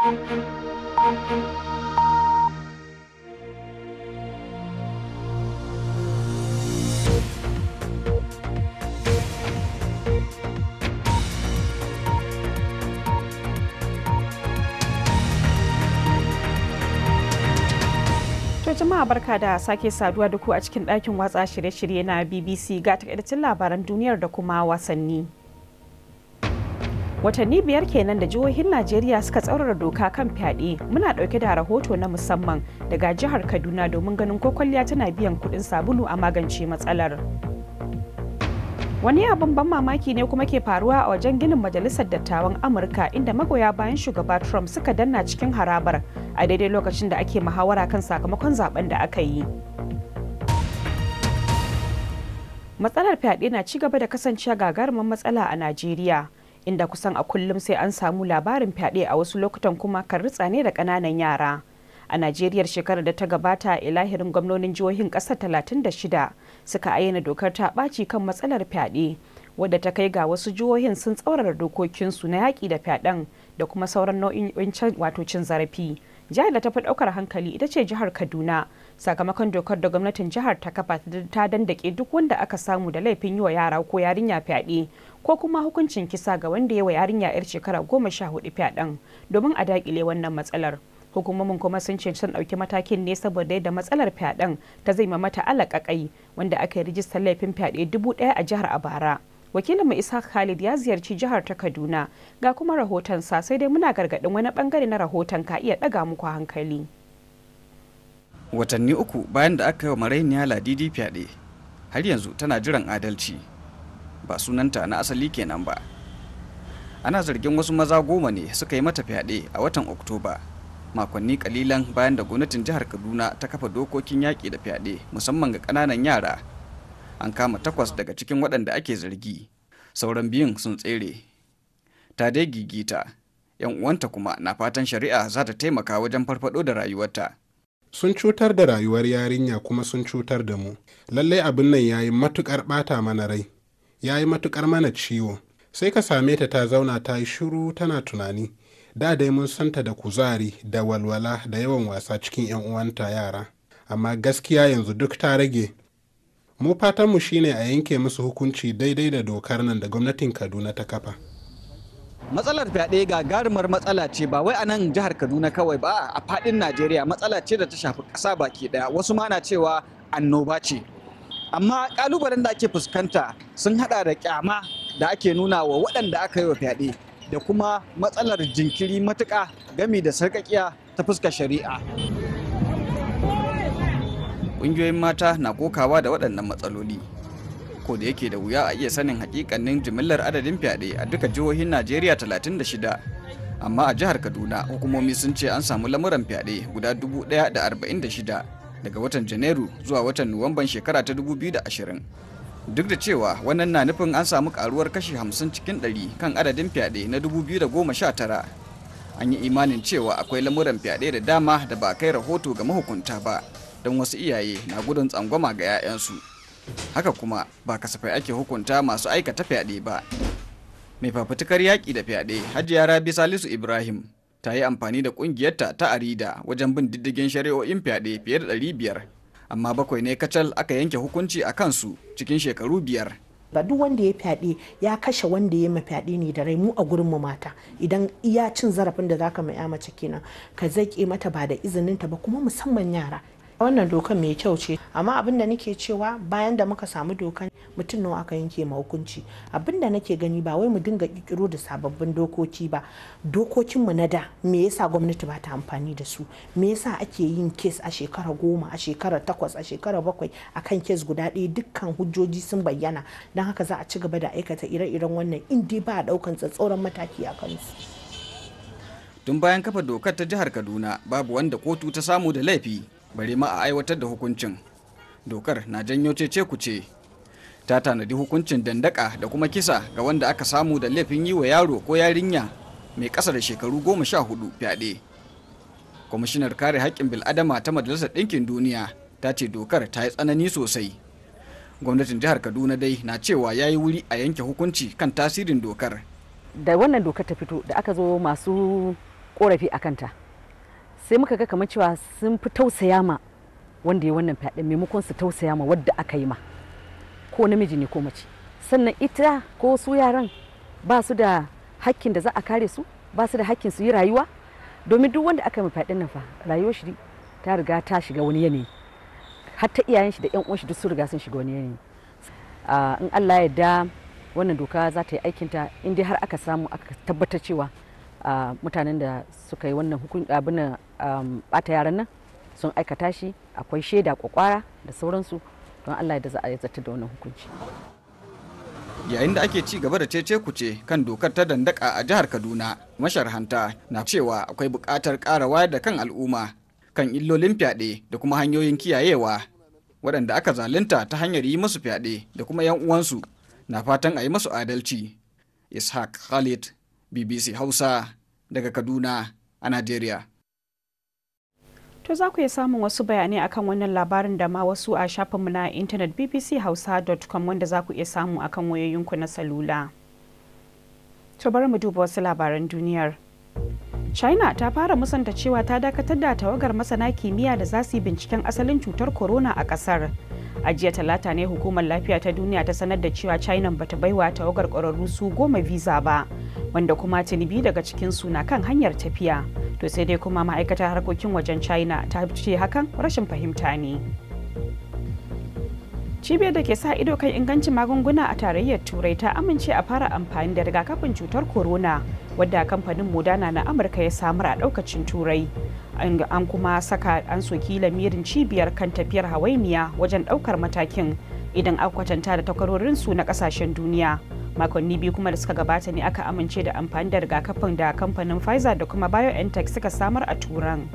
To jama'a barka da sake saduwa da ku a cikin ɗakin watsa shirye-shirye na BBC ga takaitaccen labaran duniyar da kuma wasanni. watanni biyar kenan da jihohin najeriya suka tsaurara doka kan fyaɗe muna ɗauke da rahoto na musamman daga jihar kaduna domin ganin ko kwalliya tana biyan kuɗin sabulu a magance matsalar wani abin ban mamaki ne kuma ke faruwa a wajen ginin majalisar dattawan amurka inda magoya bayan shugaba trump suka danna cikin harabar a daidai lokacin da ake muhawara kan sakamakon zaben da aka yi matsalar fyaɗe na ci gaba da kasancewa gagarumin matsala a najeriya inda kusan a kullum sai an samu labarin fyaɗe a wasu lokutan kuma kan ritsa ne da ƙananan yara. A Najeriya shekarar da ta gabata ilahirin gwamnonin jihohin ƙasar 36 suka ayyana dokar ta ɓaci kan matsalar fyaɗe wadda ta kai ga wasu jihohin sun tsaurara dokokinsu na yaƙi da fyaɗen da kuma sauran nau'in wancan wato cin zarafi jihar da ta fi daukar hankali ita ce jihar kaduna sakamakon dokar da gwamnatin jihar ta kafa ta dandake duk wanda aka samu da laifin yi wa yara ko yarinya fyaɗe ko kuma hukuncin kisa ga wanda ya wa yarinya yar shekara goma sha hudu fyaɗen domin a dakile wannan matsalar hukumomin kuma sun ce sun ɗauki matakin ne saboda yadda matsalar fyaɗen ta zai mamata alaƙaƙai wanda aka yi rijistar laifin fyaɗe dubu ɗaya a jihar a bara wakilinmu ishaq khalid ya ziyarci jihar ta kaduna ga kuma rahoton sa sai dai muna gargadin wani bangare na rahoton ka iya daga muku hankali watanni uku bayan da aka yi wa marainiya ladidi fyaɗe har yanzu tana jiran adalci ba sunanta na asali kenan ba ana zargin wasu maza goma ne suka yi mata fyaɗe a watan oktoba makonni kalilan bayan da gwamnatin jihar kaduna ta kafa dokokin yaƙi da fyaɗe musamman ga ƙananan yara an kama takwas daga cikin waɗanda ake zargi sauran biyun sun tsere ta dai gigita yan uwanta kuma na fatan shari'a za ta taimaka wajen farfado da rayuwarta sun cutar da rayuwar yarinya kuma sun cutar da mu lallai abin nan ya yi matukar bata mana rai ya yi matukar mana ciwo sai ka same ta ta zauna ta yi shiru tana tunani da dai mun santa da kuzari da walwala da yawan wasa cikin 'yan uwanta yara amma gaskiya yanzu duk ta rage mu fatanmu shine a yanke musu hukunci daidai da dokar nan da gwamnatin kaduna ta kafa matsalar fyaɗe gagarumar matsala ce ba wai a nan jihar kaduna kawai ba a faɗin najeriya matsala ce da ta shafi ƙasa baki ɗaya wasu ma na cewa annoba ce amma ƙalubalen da ake fuskanta sun haɗa da ƙyama da ake nuna wa waɗanda aka yi wa fyaɗe da kuma matsalar jinkiri matuƙa gami da sarƙaƙiya ta fuska shari'a ƙungiyoyin mata na kokawa da waɗannan matsaloli ko da yake da wuya a iya sanin hakikannin jimillar adadin fyaɗe a duka jihohin najeriya 36 amma a jihar kaduna hukumomi sun ce an samu lamuran fyaɗe guda 1,046 daga watan janairu zuwa watan nuwamban shekara ta 2020 duk da cewa wannan na nufin an samu karuwar kashi 50 cikin 100 kan adadin fyaɗe na 2019 an yi imanin cewa akwai lamuran fyaɗe da dama da ba kai rahoto ga mahukunta ba don wasu iyaye na gudun tsangwama ga 'ya'yansu haka kuma ba kasafai ake hukunta masu aikata fyaɗe ba mai fafutukar yaƙi da fyaɗe hajiya rabi salisu ibrahim ta yi amfani da ƙungiyarta ta arida wajen bin diddigin shari'o'in fyaɗe fiye da ɗari biyar amma bakwai ne kacal aka yanke hukunci a kansu cikin shekaru biyar ba duk wanda ya fyaɗe ya kashe wanda ya ma fyaɗe ne da rai mu a gurin mu mata idan iya cin zarafin da zaka ma mace kenan ka zaƙe mata ba da izinin ta ba kuma musamman yara wannan dokan mai kyau ce amma abin da nake cewa bayan da muka samu dokan mutum nawa aka yanke ma hukunci abin da nake gani ba wai mu dinga kikiro da sababbin dokoki ba dokokin mu na da me yasa gwamnati ba ta amfani da su me yasa ake yin kes a shekara goma a shekara takwas a shekara bakwai akan kes guda ɗaya dukkan hujjoji sun bayyana don haka za a ci gaba da aikata ire-iren wannan in dai ba a ɗaukan tsatsauran mataki a kansu tun bayan kafa dokar ta jihar kaduna babu wanda kotu ta samu da laifi bari ma a aiwatar da hukuncin dokar na janyo cece kuce ta tanadi hukuncin dandaka da kuma kisa ga wanda aka samu da laifin yi wa yaro ko yarinya mai kasa da shekaru goma sha hudu fyaɗe kwamishinar kare haƙƙin bil'adama ta majalisar ɗinkin duniya ta ce dokar ta yi tsanani sosai gwamnatin jihar kaduna dai na cewa ya yi wuri a yanke hukunci kan tasirin dokar da wannan dokar ta fito da aka zo masu korafi a kanta sai muka ga kamar cewa sun fi tausaya ma wanda ya wannan fyaɗe maimakon su tausaya ma wadda aka yi ma ko namiji ne ko mace sannan ita ko su yaran ba su da hakkin da za a kare su ba su da hakkin su yi rayuwa domin duk wanda aka yi fyaɗen nan fa rayuwar shi ta riga ta shiga wani yanayi har iyayen shi da yan uwan shi duk sun riga sun shiga wani yanayi in Allah ya yarda wannan doka za ta yi aikinta in dai har aka samu aka tabbatar cewa mutanen da suka yi wannan abin bata um, yaran nan sun aikata shi akwai shaida kwakwara da sauransu don allah da za a zata da wani hukunci yayin da ake ci gaba da cece kuce kan dokar ta dandaka a jihar kaduna masharhanta na cewa akwai buƙatar ƙara wayar da kan al'umma kan illolin fyaɗe da kuma hanyoyin kiyayewa waɗanda aka zalunta ta hanyar yi musu fyaɗe da kuma 'yan uwansu na fatan a yi musu adalci ishaq khalid bbc hausa daga kaduna a najeriya To za ku iya samun wasu bayanai akan wannan labarin da ma wasu a shafinmu na intanet bbchausa.com wanda za ku iya samu akan wayoyinku na salula. To bari mu duba wasu labaran duniyar. China ta fara musanta cewa ta dakatar da tawagar masana kimiyya da za su yi binciken asalin cutar corona a kasar. A jiya talata ne hukumar lafiya ta duniya ta sanar da cewa China bata baiwa tawagar ƙwararru su goma visa ba. wanda kuma tunibi daga cikinsu na kan hanyar tafiya to sai dai kuma ma'aikatar harkokin wajen china ta ce hakan rashin fahimta ne cibiyar da ke sa ido kan ingancin magunguna a tarayyar turai ta amince a fara amfani da rigakafin cutar corona wadda kamfanin modana na amurka ya samar a daukacin turai an kuma saka an soki lamirin cibiyar kan tafiyar hawainiya wajen daukar matakin idan kwatanta da takwarorinsu na kasashen duniya makonni biyu kuma da suka gabata ne aka amince da amfani da rigakafin da kamfanin pfizer da kuma biontech suka samar a turan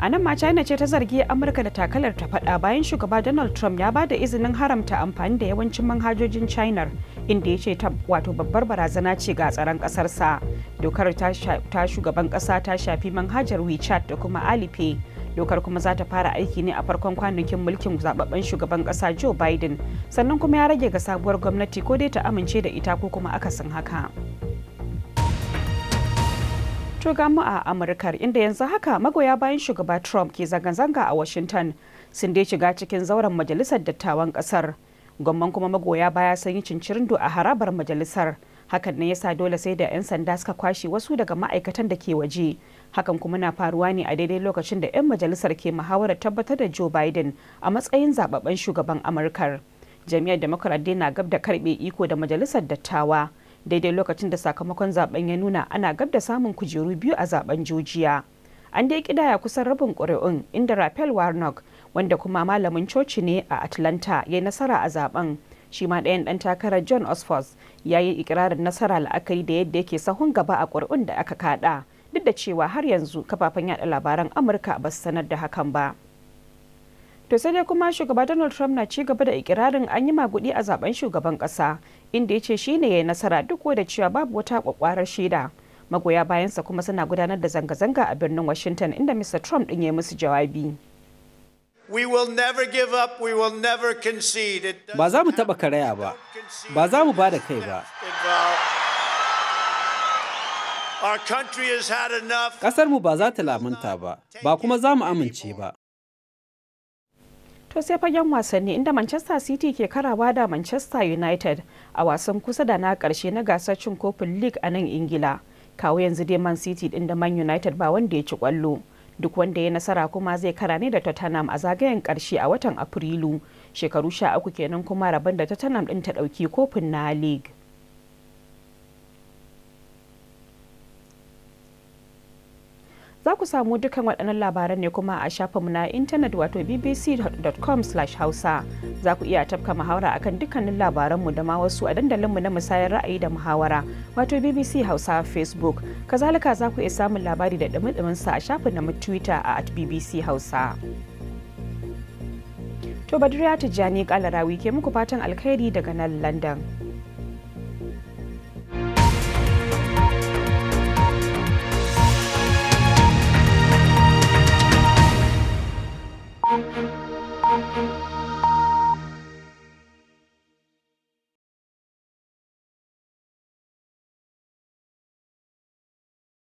a nan ma china ce ta zargi amurka da takalar ta fada bayan shugaba donald trump ya ba da izinin haramta amfani da yawancin manhajojin china inda ya ce ta wato babbar barazana ce ga tsaron kasarsa dokar ta shugaban kasa ta shafi manhajar wechat da kuma alipay dokar kuma za ta fara aiki ne a farkon kwanakin mulkin zababben shugaban kasa joe biden sannan kuma ya rage ga sabuwar gwamnati ko dai ta amince da ita ko kuma akasin haka to a amurkar inda yanzu haka magoya bayan shugaba trump ke zanga-zanga a washington sun dai shiga cikin zauren majalisar dattawan kasar gwamman kuma magoya baya sun yi cincirindo a harabar majalisar hakan ne yasa dole sai da 'yan sanda suka kwashe wasu daga ma'aikatan da ke waje hakan kuma na faruwa ne a daidai lokacin da 'yan majalisar ke muhawarar tabbatar da joe biden a matsayin zababben shugaban amurkar jami'ar demokrat dai na gab da karbe iko da majalisar dattawa daidai lokacin da sakamakon zaben ya nuna ana gab da samun kujeru biyu a zaben jujiya an dai kidaya kusan rabin ƙuri'un inda rafel warnock wanda kuma malamin coci ne a atlanta ya yi nasara a zaben shi ma ɗayan ɗan takarar john osfors ya yi ikirarin nasara la'akari da yadda yake sahun gaba a ƙuri'un da aka kaɗa duk da cewa har yanzu kafafen yaɗa labaran amurka ba su sanar da hakan ba to sai dai kuma shugaba donald trump na ci gaba da ikirarin an yi magudi a zaben shugaban ƙasa inda ya ce shine ya yi nasara duk da cewa babu wata kwakwarar shaida magoya bayansa kuma suna gudanar da zanga-zanga a birnin washington inda mr trump ɗin ya musu jawabi Ba za mu taɓa karaya ba, ba za mu ba da kai ba. mu ba za ta lamunta ba, ba kuma za mu amince ba. To sai fagen wasanni inda Manchester City ke karawa da Manchester United a wasan kusa da na ƙarshe na gasar cin kofin League a nan Ingila. Kawo yanzu dai Man City ɗin da Man United ba wanda ya ci ƙwallo. duk wanda ya nasara kuma zai kara ne da tottenham a zagayen karshe a watan afrilu shekaru sha uku kenan kuma rabin da tottenham din ta dauki kofin na league za ku samu dukkan waɗannan labaran ne kuma a shafinmu na intanet wato bbc.com hausa za ku iya tafka muhawara akan dukkanin labaranmu da ma wasu a dandalinmu na musayar ra'ayi da muhawara wato bbc hausa facebook kazalika za ku iya samun labari da ɗumi sa a shafin na twitter a bbc hausa. To Badriya Tijjani Kalarawi ke muku fatan alkhairi daga nan London.